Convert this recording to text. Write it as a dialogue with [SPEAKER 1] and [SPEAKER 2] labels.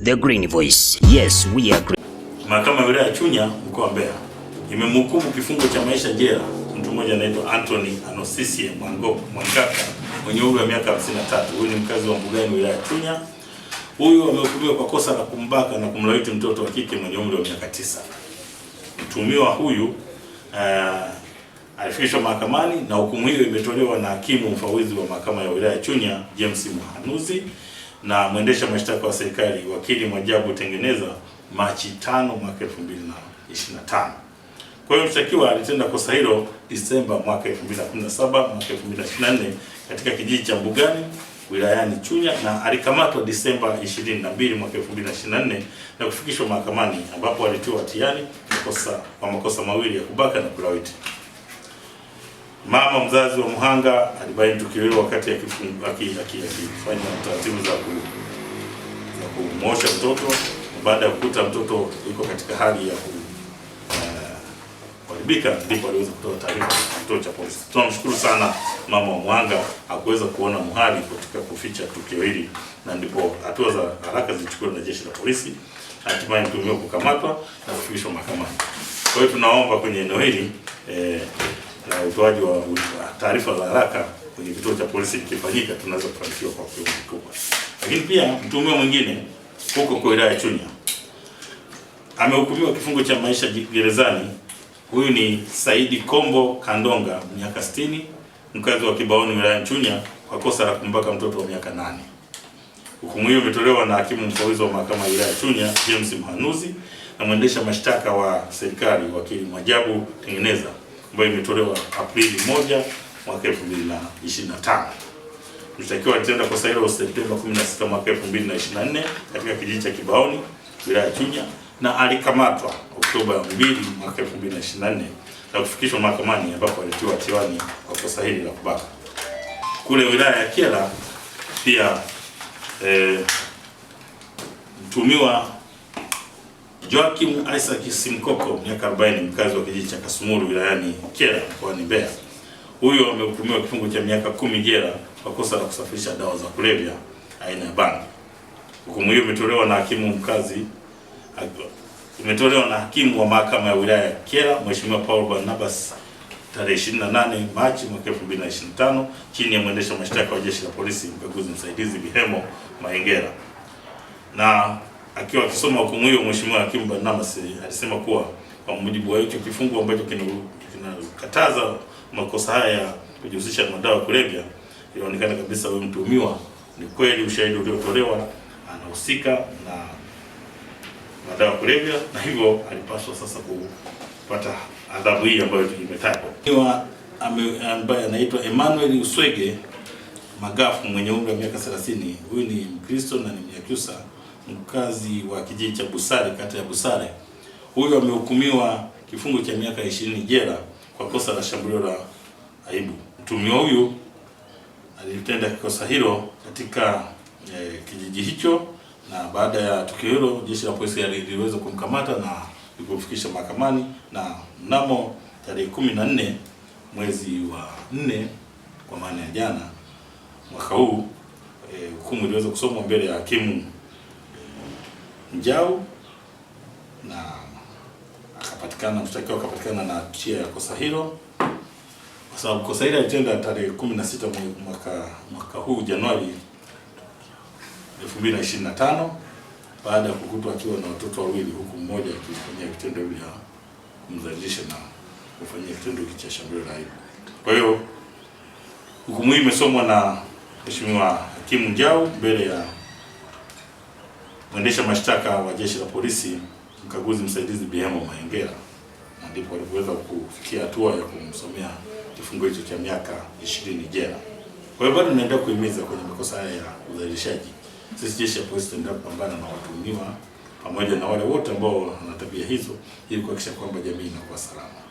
[SPEAKER 1] The Green Voice. Yes, we are green.
[SPEAKER 2] Mahakama ya Wilaya ya Chunya mkoa wa Mbeya imemhukumu kifungo cha maisha jela mtu mmoja anaitwa Anthony Anosisie Mwangaka mwenye umri wa miaka 53. Huyu ni mkazi wa Mbugani Wilaya ya Chunya. Huyu amehukumiwa kwa kosa la kumbaka na kumlawiti mtoto wa kike mwenye umri wa miaka tisa. Mtumiwa huyu uh, alifikishwa mahakamani na hukumu hiyo imetolewa na hakimu mfawidhi wa mahakama ya wilaya ya Chunya James Mhanuzi na mwendesha mashtaka wa serikali wakili Mwajabu Tengeneza Machi 5 mwaka 2025. Kwa hiyo mshtakiwa alitenda kosa hilo Disemba mwaka 2017 mwaka 2024 katika kijiji cha Mbugani wilayani Chunya na alikamatwa Disemba 22 mwaka 2024 na kufikishwa mahakamani ambapo alitiwa hatiani kwa makosa mawili ya kubaka na kulawiti mama mzazi wa mhanga alibaini tukio hilo wakati akifanya taratibu za kumwosha mtoto, baada ya kukuta mtoto yuko katika hali ya eh, kuharibika, ndipo aliweza kutoa taarifa kwa kituo cha polisi. Tunamshukuru sana mama wa mhanga, hakuweza kuona muhali katika kuficha tukio hili, na ndipo hatua za haraka zilichukuliwa na jeshi la polisi, hatimaye mtumio kukamatwa na kufikishwa mahakamani. Kwa hiyo tunaomba kwenye eneo hili eh, na utoaji wa taarifa za haraka kwenye kituo cha polisi ikifanyika, tunaweza kufanikiwa kwa kiwango kikubwa. Lakini pia mtuhumiwa mwingine huko kwa wilaya ya Chunya amehukumiwa kifungo cha maisha gerezani. Huyu ni Saidi Kombo Kandonga miaka 60, mkazi wa Kibaoni wilaya ya Chunya kwa kosa la kumbaka mtoto wa miaka nane. Hukumu hiyo imetolewa na hakimu mfawidhi wa mahakama ya wilaya ya Chunya James Mhanuzi na mwendesha mashtaka wa serikali wakili Mwajabu Tengeneza ambayo imetolewa Aprili 1 mwaka 2025. Mshtakiwa alitenda kosa hilo Septemba 16 mwaka 2024 katika kijiji cha Kibaoni wilaya ya Chunya na alikamatwa Oktoba 2 mwaka 2024 na kufikishwa mahakamani ambapo alitiwa hatiani kwa kosa hili la kubaka. Kule wilaya ya Kyela pia eh, mtumiwa Joachim Isaac Simkoko miaka 40 mkazi wa kijiji cha Kasumuru wilayani Kyela mkoani Mbeya. Huyo amehukumiwa kifungo cha miaka kumi jela kwa kosa la kusafirisha dawa za kulevya aina ya bangi. Hukumu hiyo imetolewa na hakimu mkazi imetolewa na hakimu wa mahakama ya wilaya ya Kyela Mheshimiwa Paul Barnabas tarehe 28 Machi mwaka 2025 chini ya mwendesha mashtaka wa jeshi la polisi mkaguzi msaidizi Bihemo Maengera na akiwa akisoma hukumu hiyo, Mheshimiwa Hakimu Barnabas eh, alisema kuwa kwa mujibu wa hicho kifungu ambacho kinakataza makosa haya ya kujihusisha na madawa ya kulevya, ilionekana kabisa huyo mtuhumiwa ni kweli ushahidi uliotolewa anahusika na madawa ya kulevya, na hivyo alipaswa sasa kupata adhabu hii ambayo imetajwa. Ambaye anaitwa Emmanuel Uswege Magafu mwenye umri wa miaka 30, huyu ni Mkristo na ni Mnyakyusa mkazi wa kijiji cha Busare kata ya Busare, huyu amehukumiwa kifungo cha miaka ishirini jela kwa kosa la shambulio la aibu. Mtumio huyu alitenda kosa hilo katika e, kijiji hicho, na baada ya tukio hilo jeshi la polisi liliweza kumkamata na kumfikisha mahakamani, na mnamo tarehe kumi na nne mwezi wa nne kwa maana ya jana mwaka huu eh, hukumu e, iliweza kusomwa mbele ya hakimu Mjau na akapatikana, mshtakiwa akapatikana na hatia ya kosa hilo, kwa sababu kosa hilo alitenda tarehe 16 mwaka mwaka huu Januari 2025 baada ya kukutwa akiwa na watoto wawili, huku mmoja akifanyia vitendo vya kumzalisha na kufanyia kitendo hiki cha shambulio la aibu. Kwa hiyo hukumu hii imesomwa na Mheshimiwa Hakimu Mjau mbele ya mwendesha mashtaka wa jeshi la polisi mkaguzi msaidizi Bihemo Mahengera, na ndipo alipoweza kufikia hatua ya kumsomea kifungo hicho cha miaka ishirini jela. Kwa hiyo bado tunaendelea kuhimiza kwenye makosa haya ya udhalilishaji. Sisi jeshi la polisi tunaendelea kupambana na watuhumiwa pamoja na wale wote ambao wana tabia hizo ili kuhakikisha kwamba jamii inakuwa salama.